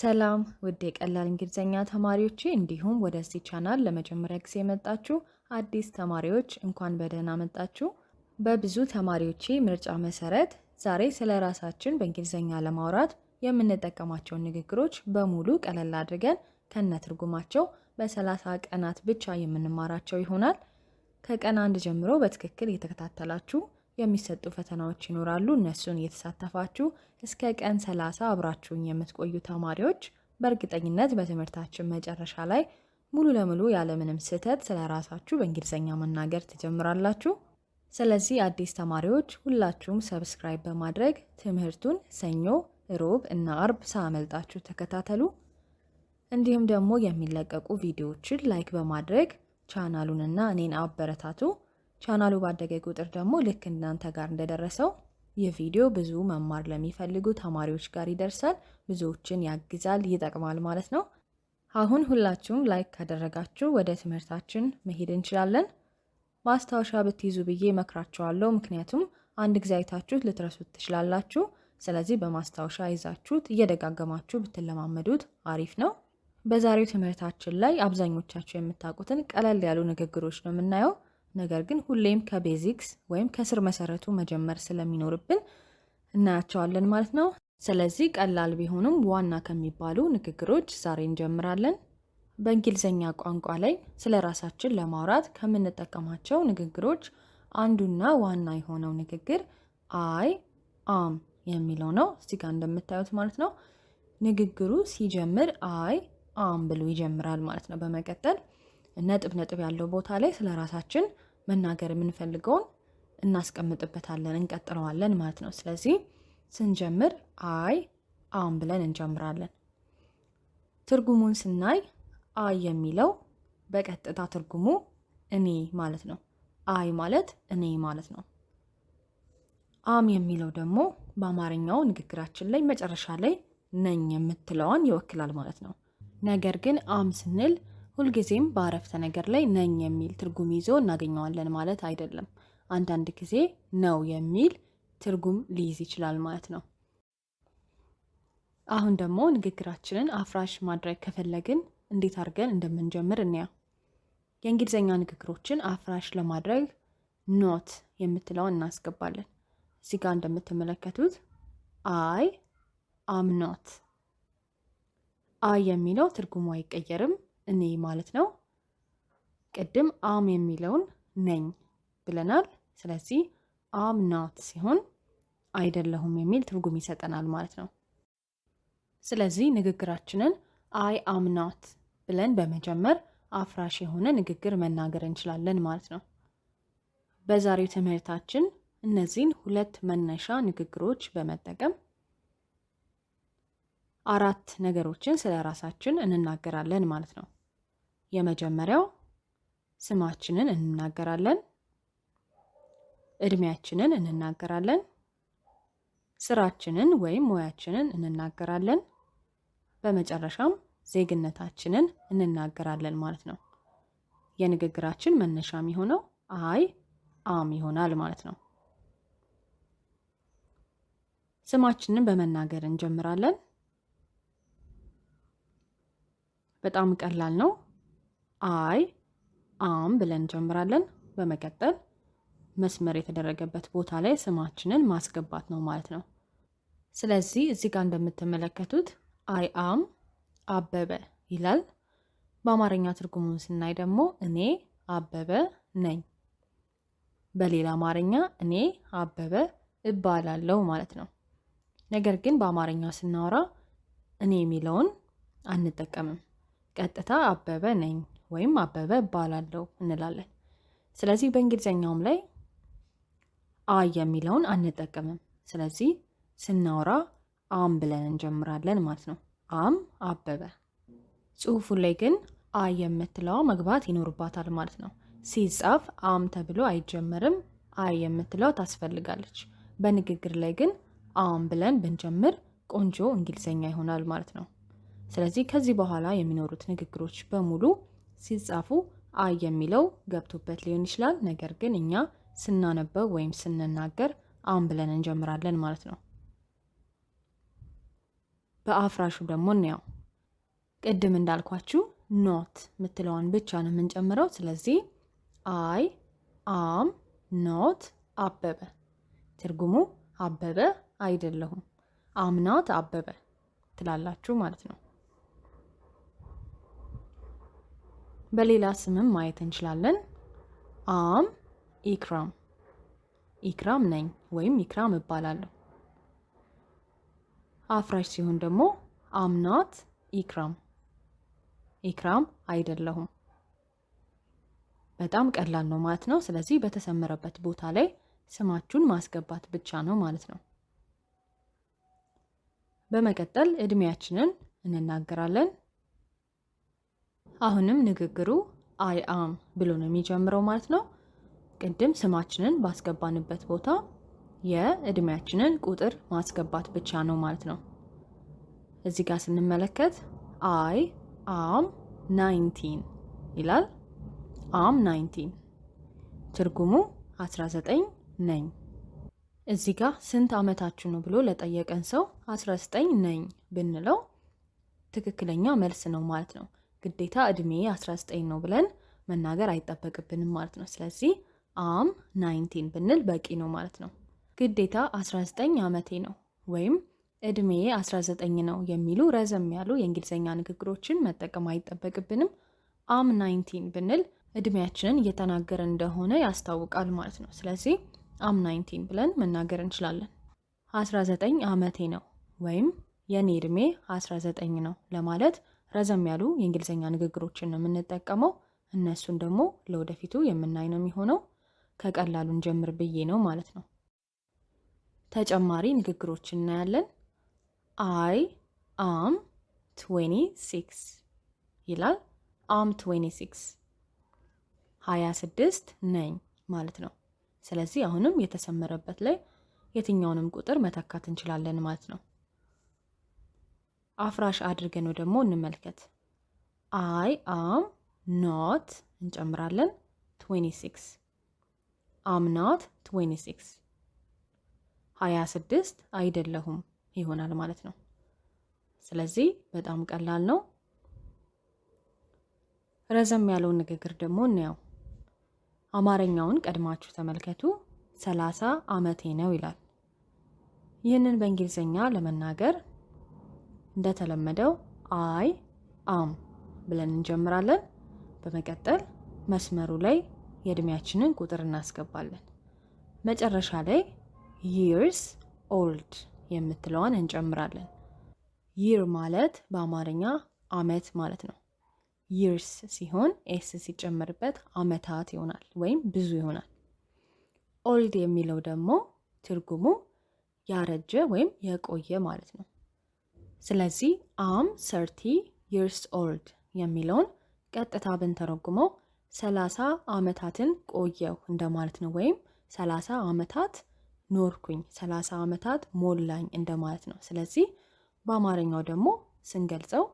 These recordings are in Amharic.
ሰላም ውድ የቀላል እንግሊዝኛ ተማሪዎቼ እንዲሁም ወደዚህ ቻናል ለመጀመሪያ ጊዜ የመጣችሁ አዲስ ተማሪዎች እንኳን በደህና መጣችሁ። በብዙ ተማሪዎቼ ምርጫ መሰረት ዛሬ ስለ ራሳችን በእንግሊዝኛ ለማውራት የምንጠቀማቸውን ንግግሮች በሙሉ ቀለል አድርገን ከነ ትርጉማቸው በሰላሳ ቀናት ብቻ የምንማራቸው ይሆናል። ከቀን አንድ ጀምሮ በትክክል እየተከታተላችሁ የሚሰጡ ፈተናዎች ይኖራሉ። እነሱን እየተሳተፋችሁ እስከ ቀን 30 አብራችሁኝ የምትቆዩ ተማሪዎች በእርግጠኝነት በትምህርታችን መጨረሻ ላይ ሙሉ ለሙሉ ያለምንም ስህተት ስለ ራሳችሁ በእንግሊዝኛ መናገር ትጀምራላችሁ። ስለዚህ አዲስ ተማሪዎች ሁላችሁም ሰብስክራይብ በማድረግ ትምህርቱን ሰኞ፣ ሮብ እና አርብ ሳያመልጣችሁ ተከታተሉ። እንዲሁም ደግሞ የሚለቀቁ ቪዲዮዎችን ላይክ በማድረግ ቻናሉንና እኔን አበረታቱ። ቻናሉ ባደገ ቁጥር ደግሞ ልክ እናንተ ጋር እንደደረሰው ይህ ቪዲዮ ብዙ መማር ለሚፈልጉ ተማሪዎች ጋር ይደርሳል፣ ብዙዎችን ያግዛል፣ ይጠቅማል ማለት ነው። አሁን ሁላችሁም ላይክ ካደረጋችሁ ወደ ትምህርታችን መሄድ እንችላለን። ማስታወሻ ብትይዙ ብዬ መክራችኋለሁ። ምክንያቱም አንድ ጊዜ አይታችሁት ልትረሱት ትችላላችሁ። ስለዚህ በማስታወሻ ይዛችሁት እየደጋገማችሁ ብትለማመዱት አሪፍ ነው። በዛሬው ትምህርታችን ላይ አብዛኞቻችሁ የምታውቁትን ቀለል ያሉ ንግግሮች ነው የምናየው። ነገር ግን ሁሌም ከቤዚክስ ወይም ከስር መሰረቱ መጀመር ስለሚኖርብን እናያቸዋለን ማለት ነው። ስለዚህ ቀላል ቢሆንም ዋና ከሚባሉ ንግግሮች ዛሬ እንጀምራለን። በእንግሊዝኛ ቋንቋ ላይ ስለ ራሳችን ለማውራት ከምንጠቀማቸው ንግግሮች አንዱና ዋና የሆነው ንግግር አይ አም የሚለው ነው። እዚህ ጋር እንደምታዩት ማለት ነው። ንግግሩ ሲጀምር አይ አም ብሎ ይጀምራል ማለት ነው። በመቀጠል ነጥብ ነጥብ ያለው ቦታ ላይ ስለ ራሳችን መናገር የምንፈልገውን እናስቀምጥበታለን፣ እንቀጥለዋለን ማለት ነው። ስለዚህ ስንጀምር አይ አም ብለን እንጀምራለን። ትርጉሙን ስናይ አይ የሚለው በቀጥታ ትርጉሙ እኔ ማለት ነው። አይ ማለት እኔ ማለት ነው። አም የሚለው ደግሞ በአማርኛው ንግግራችን ላይ መጨረሻ ላይ ነኝ የምትለዋን ይወክላል ማለት ነው። ነገር ግን አም ስንል ሁልጊዜም በአረፍተ ነገር ላይ ነኝ የሚል ትርጉም ይዞ እናገኘዋለን ማለት አይደለም። አንዳንድ ጊዜ ነው የሚል ትርጉም ሊይዝ ይችላል ማለት ነው። አሁን ደግሞ ንግግራችንን አፍራሽ ማድረግ ከፈለግን እንዴት አድርገን እንደምንጀምር እንያ። የእንግሊዝኛ ንግግሮችን አፍራሽ ለማድረግ ኖት የምትለውን እናስገባለን። እዚህ ጋር እንደምትመለከቱት አይ አም ኖት አይ የሚለው ትርጉሙ አይቀየርም። እኔ ማለት ነው። ቅድም አም የሚለውን ነኝ ብለናል። ስለዚህ አም ናት ሲሆን አይደለሁም የሚል ትርጉም ይሰጠናል ማለት ነው። ስለዚህ ንግግራችንን አይ አም ናት ብለን በመጀመር አፍራሽ የሆነ ንግግር መናገር እንችላለን ማለት ነው። በዛሬው ትምህርታችን እነዚህን ሁለት መነሻ ንግግሮች በመጠቀም አራት ነገሮችን ስለ ራሳችን እንናገራለን ማለት ነው። የመጀመሪያው ስማችንን እንናገራለን፣ እድሜያችንን እንናገራለን፣ ስራችንን ወይም ሙያችንን እንናገራለን፣ በመጨረሻም ዜግነታችንን እንናገራለን ማለት ነው። የንግግራችን መነሻ የሚሆነው አይ አም ይሆናል ማለት ነው። ስማችንን በመናገር እንጀምራለን። በጣም ቀላል ነው። አይ አም ብለን እንጀምራለን። በመቀጠል መስመር የተደረገበት ቦታ ላይ ስማችንን ማስገባት ነው ማለት ነው። ስለዚህ እዚህ ጋር እንደምትመለከቱት አይ አም አበበ ይላል። በአማርኛ ትርጉሙን ስናይ ደግሞ እኔ አበበ ነኝ፣ በሌላ አማርኛ እኔ አበበ እባላለሁ ማለት ነው። ነገር ግን በአማርኛ ስናወራ እኔ የሚለውን አንጠቀምም። ቀጥታ አበበ ነኝ ወይም አበበ እባላለሁ እንላለን። ስለዚህ በእንግሊዝኛውም ላይ አይ የሚለውን አንጠቀምም። ስለዚህ ስናወራ አም ብለን እንጀምራለን ማለት ነው። አም አበበ። ጽሁፉ ላይ ግን አይ የምትለዋ መግባት ይኖርባታል ማለት ነው። ሲጻፍ አም ተብሎ አይጀመርም። አይ የምትለው ታስፈልጋለች። በንግግር ላይ ግን አም ብለን ብንጀምር ቆንጆ እንግሊዝኛ ይሆናል ማለት ነው። ስለዚህ ከዚህ በኋላ የሚኖሩት ንግግሮች በሙሉ ሲጻፉ አይ የሚለው ገብቶበት ሊሆን ይችላል። ነገር ግን እኛ ስናነበው ወይም ስንናገር አም ብለን እንጀምራለን ማለት ነው። በአፍራሹ ደግሞ እንያው። ቅድም እንዳልኳችሁ ኖት የምትለዋን ብቻ ነው የምንጨምረው። ስለዚህ አይ አም ኖት አበበ። ትርጉሙ አበበ አይደለሁም፣ አምናት አበበ ትላላችሁ ማለት ነው። በሌላ ስምም ማየት እንችላለን። አም ኢክራም ኢክራም ነኝ ወይም ኢክራም እባላለሁ። አፍራሽ ሲሆን ደግሞ አም ናት ኢክራም ኢክራም አይደለሁም። በጣም ቀላል ነው ማለት ነው። ስለዚህ በተሰመረበት ቦታ ላይ ስማችሁን ማስገባት ብቻ ነው ማለት ነው። በመቀጠል እድሜያችንን እንናገራለን። አሁንም ንግግሩ አይ አም ብሎ ነው የሚጀምረው ማለት ነው። ቅድም ስማችንን ባስገባንበት ቦታ የእድሜያችንን ቁጥር ማስገባት ብቻ ነው ማለት ነው። እዚህ ጋር ስንመለከት አይ አም ናይንቲን ይላል። አም ናይንቲን ትርጉሙ 19 ነኝ። እዚህ ጋር ስንት ዓመታችሁ ነው ብሎ ለጠየቀን ሰው 19 ነኝ ብንለው ትክክለኛ መልስ ነው ማለት ነው። ግዴታ እድሜ 19 ነው ብለን መናገር አይጠበቅብንም ማለት ነው። ስለዚህ አም ናይንቲን ብንል በቂ ነው ማለት ነው። ግዴታ 19 ዓመቴ ነው ወይም እድሜ 19 ነው የሚሉ ረዘም ያሉ የእንግሊዝኛ ንግግሮችን መጠቀም አይጠበቅብንም። አም ናይንቲን ብንል እድሜያችንን እየተናገረ እንደሆነ ያስታውቃል ማለት ነው። ስለዚህ አም ናይንቲን ብለን መናገር እንችላለን። 19 ዓመቴ ነው ወይም የኔ እድሜ 19 ነው ለማለት ረዘም ያሉ የእንግሊዝኛ ንግግሮችን ነው የምንጠቀመው። እነሱን ደግሞ ለወደፊቱ የምናይ ነው የሚሆነው። ከቀላሉን ጀምር ብዬ ነው ማለት ነው። ተጨማሪ ንግግሮች እናያለን። አይ አም ትዌኒ ሲክስ ይላል። አም ትዌኒ ሲክስ ሀያ ስድስት ነኝ ማለት ነው። ስለዚህ አሁንም የተሰመረበት ላይ የትኛውንም ቁጥር መተካት እንችላለን ማለት ነው። አፍራሽ አድርገን ደግሞ እንመልከት። አይ አም ኖት እንጨምራለን 26 አም ኖት 26 26 አይደለሁም ይሆናል ማለት ነው። ስለዚህ በጣም ቀላል ነው። ረዘም ያለውን ንግግር ደግሞ እናየው። አማርኛውን ቀድማችሁ ተመልከቱ። ሰላሳ አመቴ ነው ይላል። ይህንን በእንግሊዝኛ ለመናገር እንደተለመደው አይ አም ብለን እንጀምራለን። በመቀጠል መስመሩ ላይ የእድሜያችንን ቁጥር እናስገባለን። መጨረሻ ላይ ይርስ ኦልድ የምትለዋን እንጨምራለን። ይር ማለት በአማርኛ አመት ማለት ነው። ይርስ ሲሆን ኤስ ሲጨመርበት አመታት ይሆናል ወይም ብዙ ይሆናል። ኦልድ የሚለው ደግሞ ትርጉሙ ያረጀ ወይም የቆየ ማለት ነው። ስለዚህ አም ሰርቲ ይርስ ኦልድ የሚለውን ቀጥታ ብንተረጉመው ሰላሳ ዓመታትን ቆየሁ እንደማለት ነው። ወይም ሰላሳ ዓመታት ኖርኩኝ፣ ሰላሳ ዓመታት ሞላኝ እንደማለት ነው። ስለዚህ በአማርኛው ደግሞ ስንገልጸው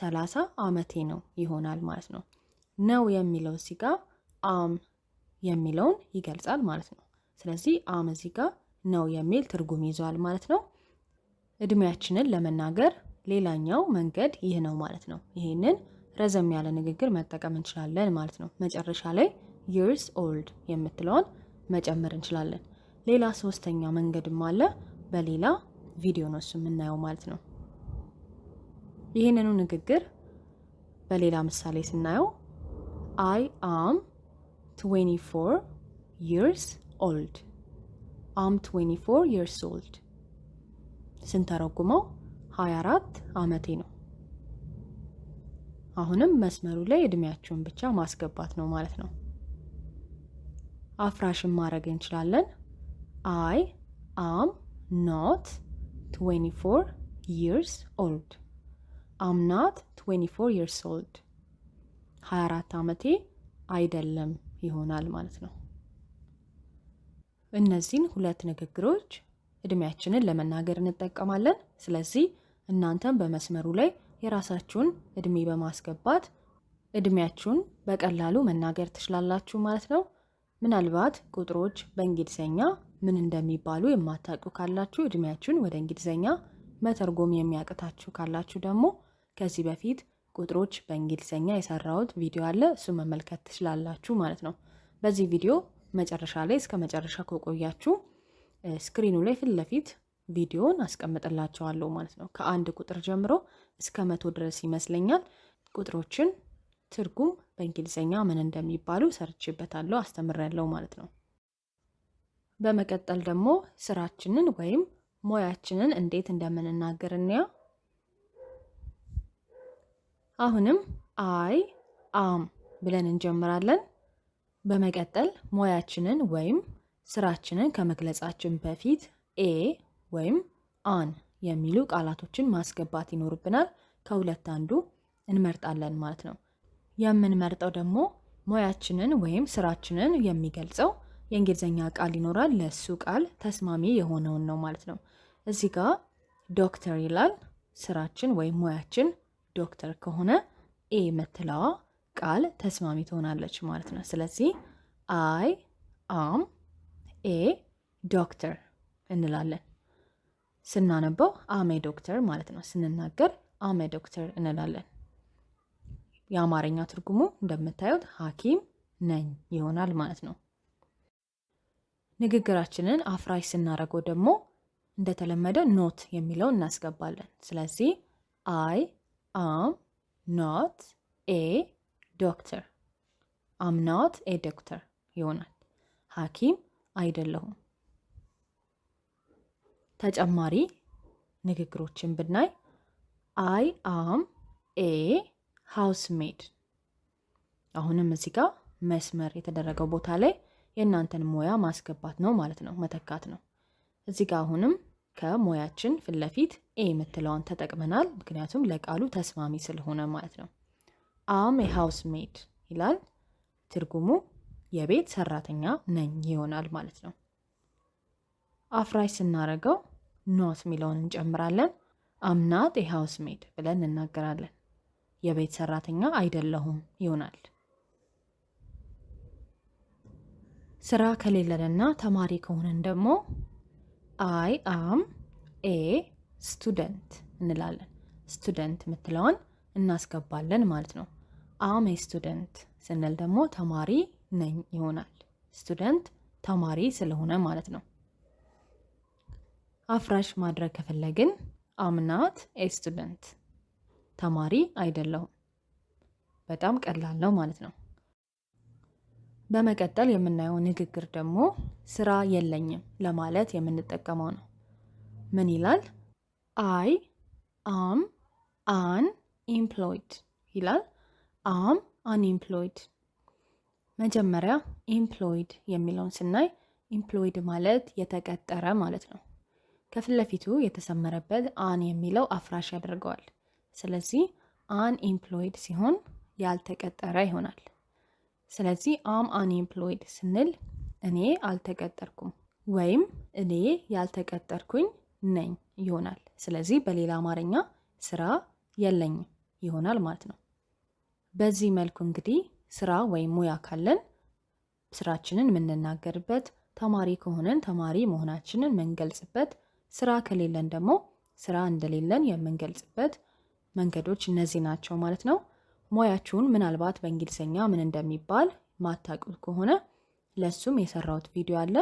ሰላሳ ዓመቴ ነው ይሆናል ማለት ነው። ነው የሚለው እዚህ ጋ አም የሚለውን ይገልጻል ማለት ነው። ስለዚህ አም እዚህ ጋ ነው የሚል ትርጉም ይዟል ማለት ነው። እድሜያችንን ለመናገር ሌላኛው መንገድ ይህ ነው ማለት ነው። ይህንን ረዘም ያለ ንግግር መጠቀም እንችላለን ማለት ነው። መጨረሻ ላይ years ኦልድ የምትለውን መጨመር እንችላለን። ሌላ ሶስተኛ መንገድም አለ። በሌላ ቪዲዮ ነው እሱ የምናየው ማለት ነው። ይህንኑ ንግግር በሌላ ምሳሌ ስናየው አይ አም 24 years ኦልድ አም 24 years ኦልድ ስንተረጉመው 24 ዓመቴ ነው። አሁንም መስመሩ ላይ እድሜያችሁን ብቻ ማስገባት ነው ማለት ነው። አፍራሽን ማድረግ እንችላለን። አይ አም ኖት 24 years ኦልድ። አም ናት 24 years old 24 ዓመቴ አይደለም ይሆናል ማለት ነው። እነዚህን ሁለት ንግግሮች እድሜያችንን ለመናገር እንጠቀማለን። ስለዚህ እናንተም በመስመሩ ላይ የራሳችሁን እድሜ በማስገባት እድሜያችሁን በቀላሉ መናገር ትችላላችሁ ማለት ነው። ምናልባት ቁጥሮች በእንግሊዝኛ ምን እንደሚባሉ የማታውቁ ካላችሁ እድሜያችሁን ወደ እንግሊዝኛ መተርጎም የሚያቅታችሁ ካላችሁ ደግሞ ከዚህ በፊት ቁጥሮች በእንግሊዝኛ የሰራሁት ቪዲዮ አለ፣ እሱ መመልከት ትችላላችሁ ማለት ነው። በዚህ ቪዲዮ መጨረሻ ላይ እስከ መጨረሻ ከቆያችሁ ስክሪኑ ላይ ፊት ለፊት ቪዲዮን አስቀምጥላቸዋለሁ ማለት ነው። ከአንድ ቁጥር ጀምሮ እስከ መቶ ድረስ ይመስለኛል ቁጥሮችን ትርጉም በእንግሊዝኛ ምን እንደሚባሉ ሰርችበታለሁ አስተምሬያለሁ ማለት ነው። በመቀጠል ደግሞ ስራችንን ወይም ሙያችንን እንዴት እንደምንናገር እንያ። አሁንም አይ አም ብለን እንጀምራለን። በመቀጠል ሙያችንን ወይም ስራችንን ከመግለጻችን በፊት ኤ ወይም አን የሚሉ ቃላቶችን ማስገባት ይኖርብናል። ከሁለት አንዱ እንመርጣለን ማለት ነው። የምንመርጠው ደግሞ ሙያችንን ወይም ስራችንን የሚገልጸው የእንግሊዝኛ ቃል ይኖራል። ለእሱ ቃል ተስማሚ የሆነውን ነው ማለት ነው። እዚህ ጋ ዶክተር ይላል። ስራችን ወይም ሙያችን ዶክተር ከሆነ ኤ የምትለዋ ቃል ተስማሚ ትሆናለች ማለት ነው። ስለዚህ አይ አም ኤ ዶክተር እንላለን። ስናነበው አሜ ዶክተር ማለት ነው። ስንናገር አሜ ዶክተር እንላለን። የአማርኛ ትርጉሙ እንደምታዩት ሐኪም ነኝ ይሆናል ማለት ነው። ንግግራችንን አፍራሽ ስናደርገው ደግሞ እንደተለመደ ኖት የሚለው እናስገባለን። ስለዚህ አይ አም ኖት ኤ ዶክተር አም ኖት ኤ ዶክተር ይሆናል ሐኪም አይደለሁም። ተጨማሪ ንግግሮችን ብናይ አይ አም ኤ ሃውስ ሜድ። አሁንም እዚህ ጋር መስመር የተደረገው ቦታ ላይ የእናንተን ሙያ ማስገባት ነው ማለት ነው፣ መተካት ነው። እዚህ ጋር አሁንም ከሙያችን ፊት ለፊት ኤ የምትለዋን ተጠቅመናል፣ ምክንያቱም ለቃሉ ተስማሚ ስለሆነ ማለት ነው። አም ኤ ሃውስ ሜድ ይላል ትርጉሙ የቤት ሰራተኛ ነኝ ይሆናል ማለት ነው። አፍራሽ ስናደርገው ኖት የሚለውን እንጨምራለን። አምናት የሃውስ ሜድ ብለን እናገራለን። የቤት ሰራተኛ አይደለሁም ይሆናል። ስራ ከሌለንና ተማሪ ከሆነን ደግሞ አይ አም ኤ ስቱደንት እንላለን። ስቱደንት የምትለውን እናስገባለን ማለት ነው። አም ኤ ስቱደንት ስንል ደግሞ ተማሪ ነኝ ይሆናል። ስቱደንት ተማሪ ስለሆነ ማለት ነው። አፍራሽ ማድረግ ከፈለግን አምናት ኤ ስቱደንት ተማሪ አይደለሁም። በጣም ቀላል ነው ማለት ነው። በመቀጠል የምናየው ንግግር ደግሞ ስራ የለኝም ለማለት የምንጠቀመው ነው። ምን ይላል? አይ አም አን ኢምፕሎይድ ይላል። አም አንኢምፕሎይድ መጀመሪያ ኢምፕሎይድ የሚለውን ስናይ ኢምፕሎይድ ማለት የተቀጠረ ማለት ነው። ከፊት ለፊቱ የተሰመረበት አን የሚለው አፍራሽ ያደርገዋል። ስለዚህ አን ኢምፕሎይድ ሲሆን ያልተቀጠረ ይሆናል። ስለዚህ አም አን ኢምፕሎይድ ስንል እኔ አልተቀጠርኩም ወይም እኔ ያልተቀጠርኩኝ ነኝ ይሆናል። ስለዚህ በሌላ አማርኛ ስራ የለኝም ይሆናል ማለት ነው። በዚህ መልኩ እንግዲህ ስራ ወይም ሙያ ካለን ስራችንን የምንናገርበት፣ ተማሪ ከሆነን ተማሪ መሆናችንን የምንገልጽበት፣ ስራ ከሌለን ደግሞ ስራ እንደሌለን የምንገልጽበት መንገዶች እነዚህ ናቸው ማለት ነው። ሙያችሁን ምናልባት በእንግሊዝኛ ምን እንደሚባል ማታውቁት ከሆነ ለሱም የሰራሁት ቪዲዮ አለ።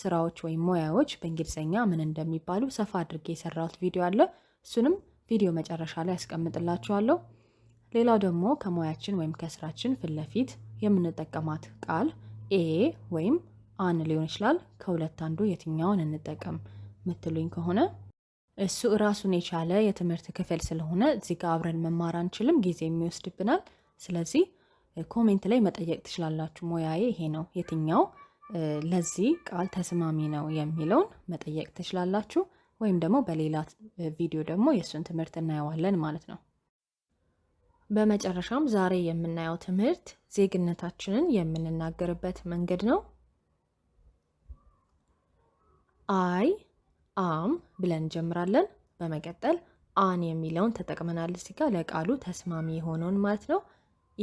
ስራዎች ወይም ሙያዎች በእንግሊዝኛ ምን እንደሚባሉ ሰፋ አድርጌ የሰራሁት ቪዲዮ አለ። እሱንም ቪዲዮ መጨረሻ ላይ ያስቀምጥላችኋለሁ። ሌላው ደግሞ ከሙያችን ወይም ከስራችን ፊት ለፊት የምንጠቀማት ቃል ኤ ወይም አን ሊሆን ይችላል። ከሁለት አንዱ የትኛውን እንጠቀም ምትሉኝ ከሆነ እሱ እራሱን የቻለ የትምህርት ክፍል ስለሆነ እዚህ ጋር አብረን መማር አንችልም፣ ጊዜ የሚወስድብናል። ስለዚህ ኮሜንት ላይ መጠየቅ ትችላላችሁ። ሙያዬ ይሄ ነው፣ የትኛው ለዚህ ቃል ተስማሚ ነው የሚለውን መጠየቅ ትችላላችሁ። ወይም ደግሞ በሌላ ቪዲዮ ደግሞ የእሱን ትምህርት እናየዋለን ማለት ነው። በመጨረሻም ዛሬ የምናየው ትምህርት ዜግነታችንን የምንናገርበት መንገድ ነው። አይ አም ብለን እንጀምራለን። በመቀጠል አን የሚለውን ተጠቅመናል። እዚህ ጋር ለቃሉ ተስማሚ የሆነውን ማለት ነው።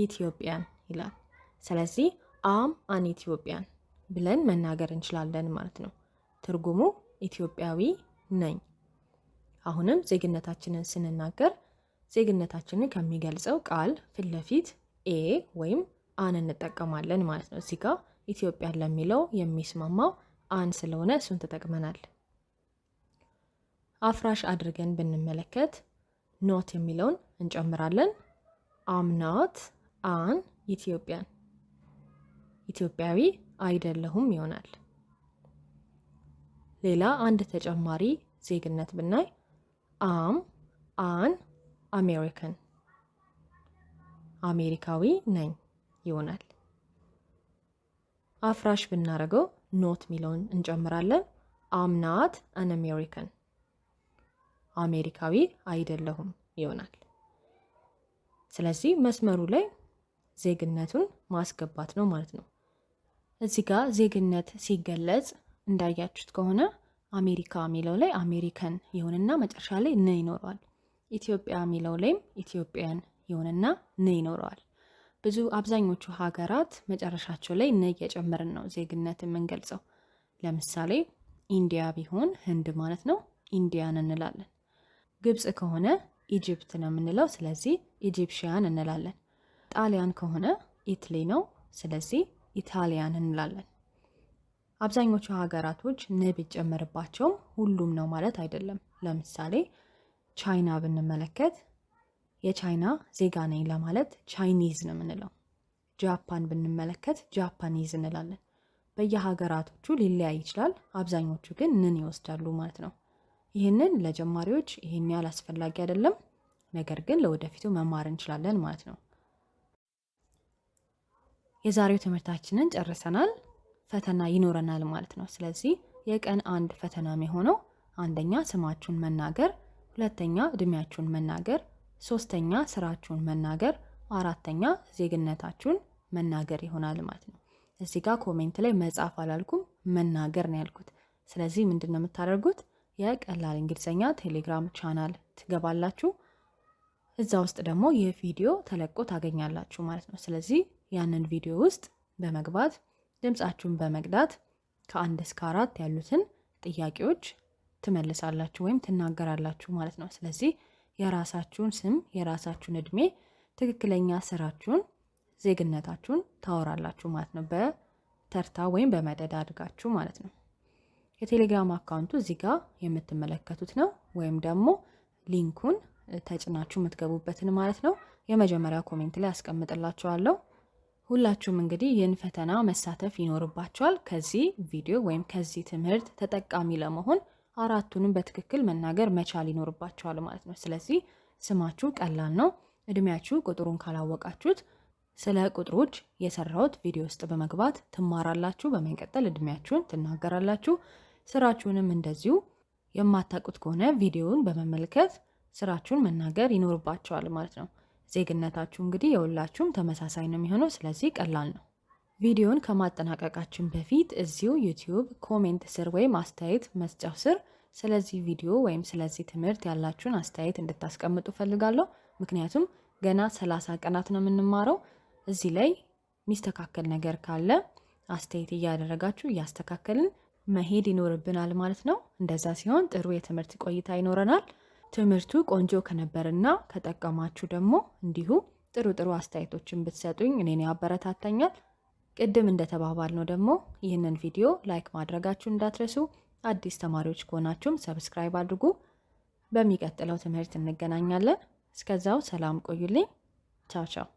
ኢትዮጵያን ይላል። ስለዚህ አም አን ኢትዮጵያን ብለን መናገር እንችላለን ማለት ነው። ትርጉሙ ኢትዮጵያዊ ነኝ። አሁንም ዜግነታችንን ስንናገር ዜግነታችንን ከሚገልጸው ቃል ፊት ለፊት ኤ ወይም አን እንጠቀማለን ማለት ነው። እዚህ ጋር ኢትዮጵያን ለሚለው የሚስማማው አን ስለሆነ እሱን ተጠቅመናል። አፍራሽ አድርገን ብንመለከት ኖት የሚለውን እንጨምራለን። አምናት አን ኢትዮጵያን ኢትዮጵያዊ አይደለሁም ይሆናል። ሌላ አንድ ተጨማሪ ዜግነት ብናይ አም አን አሜሪካን አሜሪካዊ ነኝ ይሆናል። አፍራሽ ብናደርገው ኖት የሚለውን እንጨምራለን። አምናት ናት አን አሜሪካን አሜሪካዊ አይደለሁም ይሆናል። ስለዚህ መስመሩ ላይ ዜግነቱን ማስገባት ነው ማለት ነው። እዚህ ጋር ዜግነት ሲገለጽ እንዳያችሁት ከሆነ አሜሪካ የሚለው ላይ አሜሪካን ይሆንና መጨረሻ ላይ ን ይኖረዋል። ኢትዮጵያ የሚለው ላይም ኢትዮጵያን ይሆንና ን ይኖረዋል። ብዙ አብዛኞቹ ሀገራት መጨረሻቸው ላይ ን እየጨመርን ነው ዜግነት የምንገልጸው። ለምሳሌ ኢንዲያ ቢሆን ህንድ ማለት ነው፣ ኢንዲያን እንላለን። ግብፅ ከሆነ ኢጅፕት ነው የምንለው፣ ስለዚህ ኢጂፕሽያን እንላለን። ጣሊያን ከሆነ ኢትሊ ነው፣ ስለዚህ ኢታሊያን እንላለን። አብዛኞቹ ሀገራቶች ን ቢጨመርባቸውም ሁሉም ነው ማለት አይደለም። ለምሳሌ ቻይና ብንመለከት የቻይና ዜጋ ነኝ ለማለት ቻይኒዝ ነው የምንለው። ጃፓን ብንመለከት ጃፓኒዝ እንላለን። በየሀገራቶቹ ሊለያይ ይችላል። አብዛኞቹ ግን ንን ይወስዳሉ ማለት ነው። ይህንን ለጀማሪዎች ይህን ያህል አስፈላጊ አይደለም፣ ነገር ግን ለወደፊቱ መማር እንችላለን ማለት ነው። የዛሬው ትምህርታችንን ጨርሰናል። ፈተና ይኖረናል ማለት ነው። ስለዚህ የቀን አንድ ፈተና የሆነው አንደኛ ስማችሁን መናገር ሁለተኛ እድሜያችሁን መናገር፣ ሶስተኛ ስራችሁን መናገር፣ አራተኛ ዜግነታችሁን መናገር ይሆናል ማለት ነው። እዚህ ጋር ኮሜንት ላይ መጻፍ አላልኩም መናገር ነው ያልኩት። ስለዚህ ምንድን ነው የምታደርጉት? የቀላል እንግሊዝኛ ቴሌግራም ቻናል ትገባላችሁ። እዛ ውስጥ ደግሞ ይህ ቪዲዮ ተለቆ ታገኛላችሁ ማለት ነው። ስለዚህ ያንን ቪዲዮ ውስጥ በመግባት ድምፃችሁን በመቅዳት ከአንድ እስከ አራት ያሉትን ጥያቄዎች ትመልሳላችሁ ወይም ትናገራላችሁ ማለት ነው። ስለዚህ የራሳችሁን ስም፣ የራሳችሁን እድሜ፣ ትክክለኛ ስራችሁን፣ ዜግነታችሁን ታወራላችሁ ማለት ነው። በተርታ ወይም በመደድ አድርጋችሁ ማለት ነው። የቴሌግራም አካውንቱ እዚህ ጋር የምትመለከቱት ነው። ወይም ደግሞ ሊንኩን ተጭናችሁ የምትገቡበትን ማለት ነው። የመጀመሪያ ኮሜንት ላይ አስቀምጥላችኋለሁ። ሁላችሁም እንግዲህ ይህን ፈተና መሳተፍ ይኖርባችኋል። ከዚህ ቪዲዮ ወይም ከዚህ ትምህርት ተጠቃሚ ለመሆን አራቱንም በትክክል መናገር መቻል ይኖርባቸዋል ማለት ነው። ስለዚህ ስማችሁ ቀላል ነው። እድሜያችሁ ቁጥሩን ካላወቃችሁት ስለ ቁጥሮች የሰራሁት ቪዲዮ ውስጥ በመግባት ትማራላችሁ። በመቀጠል እድሜያችሁን ትናገራላችሁ። ስራችሁንም እንደዚሁ የማታውቁት ከሆነ ቪዲዮውን በመመልከት ስራችሁን መናገር ይኖርባቸዋል ማለት ነው። ዜግነታችሁ እንግዲህ የሁላችሁም ተመሳሳይ ነው የሚሆነው። ስለዚህ ቀላል ነው። ቪዲዮን ከማጠናቀቃችን በፊት እዚሁ ዩቲዩብ ኮሜንት ስር ወይም አስተያየት መስጫው ስር ስለዚህ ቪዲዮ ወይም ስለዚህ ትምህርት ያላችሁን አስተያየት እንድታስቀምጡ ፈልጋለሁ። ምክንያቱም ገና ሰላሳ ቀናት ነው የምንማረው። እዚህ ላይ የሚስተካከል ነገር ካለ አስተያየት እያደረጋችሁ እያስተካከልን መሄድ ይኖርብናል ማለት ነው። እንደዛ ሲሆን ጥሩ የትምህርት ቆይታ ይኖረናል። ትምህርቱ ቆንጆ ከነበርና ከጠቀማችሁ ደግሞ እንዲሁ ጥሩ ጥሩ አስተያየቶችን ብትሰጡኝ እኔን ያበረታታኛል። ቅድም እንደተባባል ነው ደግሞ ይህንን ቪዲዮ ላይክ ማድረጋችሁ እንዳትረሱ። አዲስ ተማሪዎች ከሆናችሁም ሰብስክራይብ አድርጉ። በሚቀጥለው ትምህርት እንገናኛለን። እስከዛው ሰላም ቆዩልኝ። ቻው ቻው።